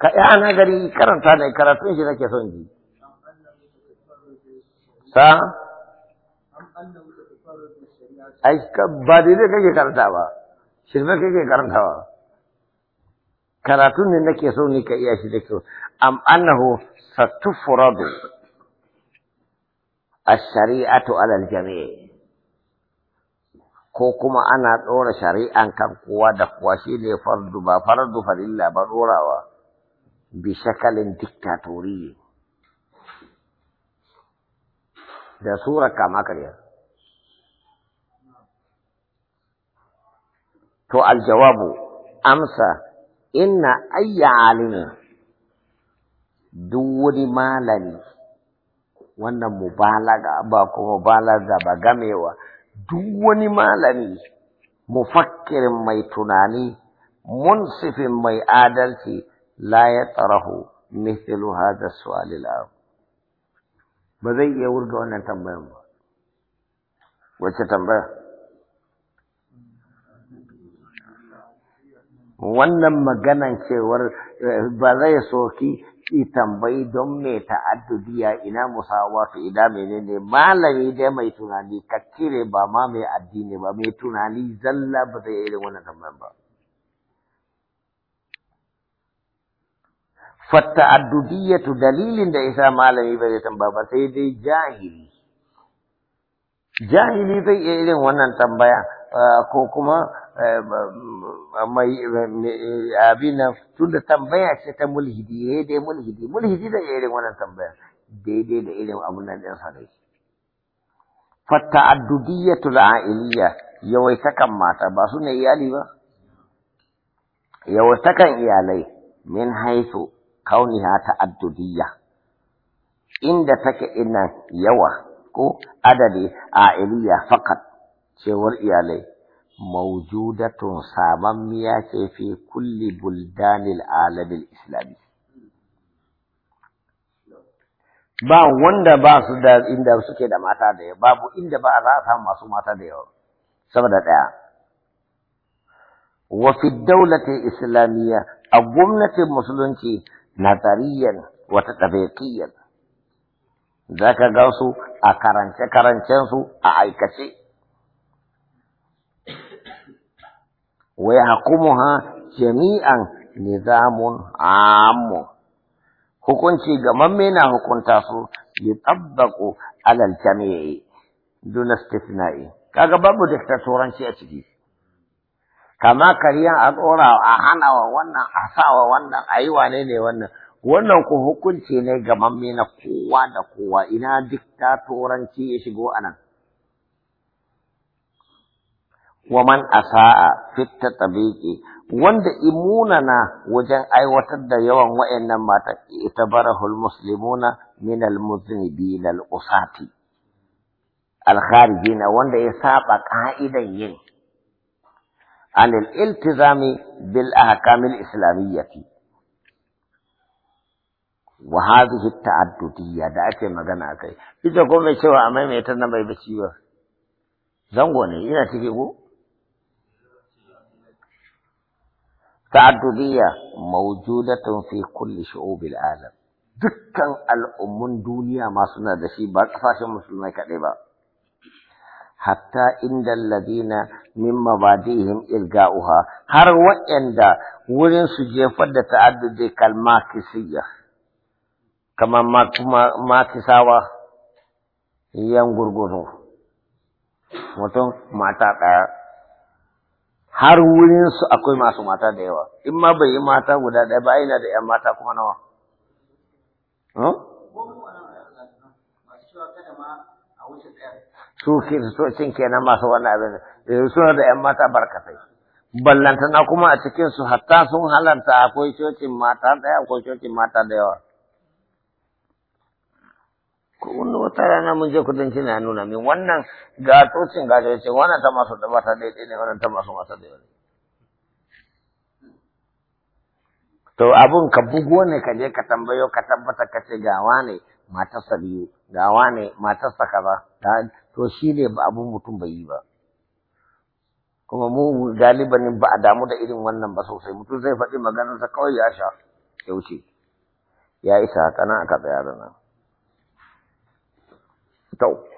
ka yi ana gari karanta da karatun shi nake son ji sa ai ba daidai kake karanta ba shi shirme kake ba. karatun ne nake so ni ka iya shi da kyau am annahu satufradu الشريعة على الجميع ko kuma ana ɗora shari'an kan kowa da kowa shi ne fardu ba fardu farilla ba ɗorawa bi shakalin ne, da surar kama karya to aljawabu amsa inna ayya alimi duk wani malami wannan mubalaga ba kuma mubalaga ba gamewa duk wani malami mufakkirin mai tunani munsifin mai adalci la ya tsarahu mithlu hadha su'alil ba zai iya wurga wannan tambayar ba wacce tambaya wannan maganan cewar eh, ba zai soki ki tambayi don me ta'addudiya ina musawatu ina menene malami dai mai tunani ka ba ma mai addini ba mai tunani zalla ba zai irin wannan tambayan ba fatta'addudiyatu dalilin da isa malami ba zai tambaya ba sai dai jahili jahili zai iya irin wannan tambaya Eh, ko kuma eh, mai abin nan tunda tambaya ce ta mulhidi ya eh, dai mulhidi mulhidi da irin wannan tambaya daidai da irin abun nan ɗin sarai fatta'addudiyatu al'ailiyya yawaitakan mata ba su ne iyali ba yawaitakan iyalai min haisu ta ta'addudiyya inda take ina yawa ko adadi Iliya fakat cewar iyalai mawjudatun samammiya ce fi kulli buldanil alamil islami ba wanda ba su da inda suke da mata da yawa babu inda ba za a samu masu mata da yawa saboda ɗaya Wafi fi daulatin islamiyya a gwamnatin musulunci na nazariyan wata tabiqiyyan zaka ga su a karance karancen su a aikace ويحكمها جميعا نظام عام hukunci ga mamme na hukunta su yutabbaku alal jami'i dun istithna'i kaga babu ta turanci a ciki kama kariya a tsora a hana wa wannan a sa wa wannan a yi wane ne wannan wannan ko hukunci ne ga mamme na kowa da kowa ina duk ta turanci ya shigo anan wa man asa'a fit tabiqi wanda imunana wajen aiwatar da yawan wayannan mata itabarahul muslimuna min al muznibin al usati al kharijina wanda ya saba ka'idan yin an al iltizami bil ahkam al islamiyyati wa hadhihi ta'addudiyya da ake magana akai ita ko mai cewa a maimaita na bai baci ba zango ne ina cike ko تعددية موجودة في كل شعوب العالم دكان الأمم دنيا ما سنة دشي بكفاش مسلمة كذبا حتى إن الذين من مبادئهم إلقاؤها هر وإن دا ورن سجيفة دا تعدد كالماكسية كما ماكساوة ينقرقرون mutum ما ɗaya har wurin su akwai masu mata da yawa in ma bai yi mata guda ɗaya ba yana da 'yan mata kuma nawa su cin kenan masu wannan abin eh, suna da 'yan mata barkatai ballantana kuma a cikin su hatta sun halarta akwai cocin mata ɗaya akwai cocin mata da yawa kowanne wata rana mun je kudanci na nuna min wannan ga tocin ga ce wannan ta masu da mata daidai ne wannan ta masu mata da ne. to abun ka bugo ne ka je ka tambayo ka tabbata ka ce ga wane mata biyu ga wane saka ba to shi ne ba abun mutum bai yi ba kuma mu galibanin ba a damu da irin wannan ba sosai mutum zai faɗi maganarsa kawai ya sha ya wuce ya isa kana aka tsaya da nan Então,